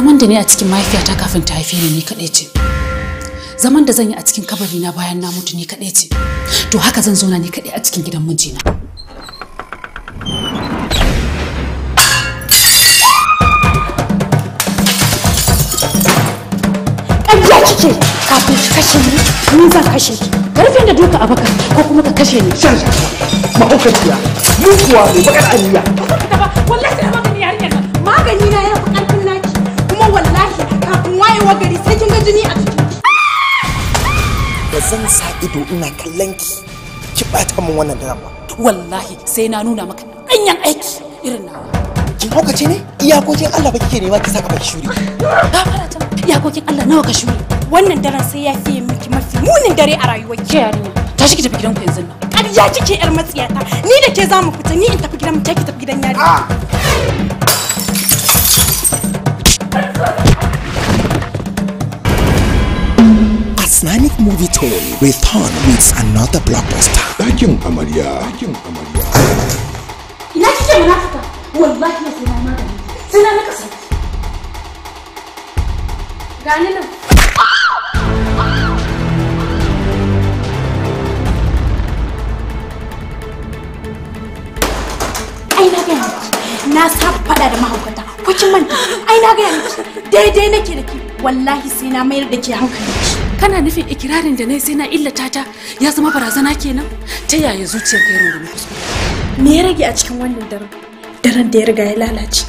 zaman da ne a cikin mahaifiyata kafin ta haife ni ni kaɗai ce zaman da zan yi a cikin kabari na bayan na mutu ni kaɗai ce to haka zan zauna ni kaɗai a cikin gidan mijina ƙarya kike kafin ki kashe ni ni zan kashe ki karfin da duka a baka ko kuma ka kashe ni shan mahaukaciya mutuwa mai bakar aniya wallahi da magani yarinyar magani na yau wayewa gari sai kin ga jini a ba zan sa ido ina kallon ki ki bata min wannan daren ba wallahi sai na nuna maka danyen aiki irin nawa kin haukace ne iyakokin Allah ba kike nema ki saka baki shuri ka fara ta iyakokin Allah nawa ka shuri wannan daren sai ya fiye miki mafi munin dare a rayuwar ki yarinya tashi ki tafi gidanku yanzu nan ƙarya kike yar matsiyata ni da ke za mu fita ni in tafi gidan mu ke ki tafi gidan yarinya ah! Islamic movie tale with Thorn meets another blockbuster. Ɗakin amarya. Ɗakin amarya. Ina kike munafuka? Wallahi na sai na magani. Sai na maka Gani nan. na gaya Na saba faɗa da mahaukata. Ko kin manta? Ai na gaya miki. Daidai nake da ke. Wallahi sai na mayar da ke hankali. kana nufin ikirarin da nai sai na illata ta ya zama barazana kenan ta yaya zuciyar ka yaron da kuskure me ya rage a cikin wannan daren daren da ya riga ya lalace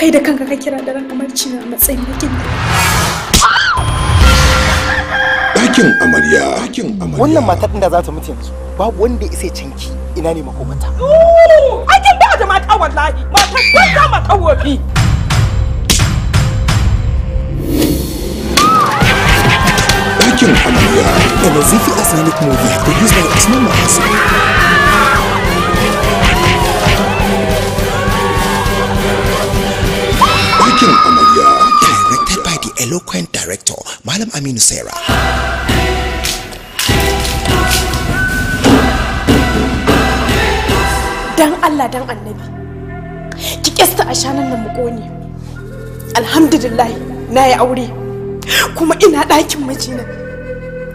kai da kanka ka kira daren amarci na matsayin da dakin amarya dakin amarya wannan matar din da za ta mutu yanzu babu wanda ya isa canki ina ne makomata akin da da mata wallahi matar ta mata wofi King Hamiya, a Nazifi Islamic movie produced by Osman Mahasi. King Hamiya, directed by the eloquent director Malam Aminu Sarah. Dan Allah dan Annabi, ki kesta a shanan nan mu kone. Alhamdulillah, na yi aure. kuma ina ɗakin mijina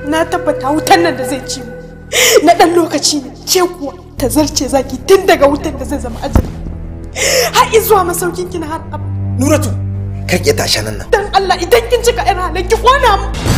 na tabbata wutan nan da zai ci mu na ɗan lokaci ne ce kuwa ta zarce zaki tun daga wutan da zai zama ajali har zuwa masaukin kina har abu nuratu kan iya tashi nan nan dan Allah idan kin cika irin halin ki kona mu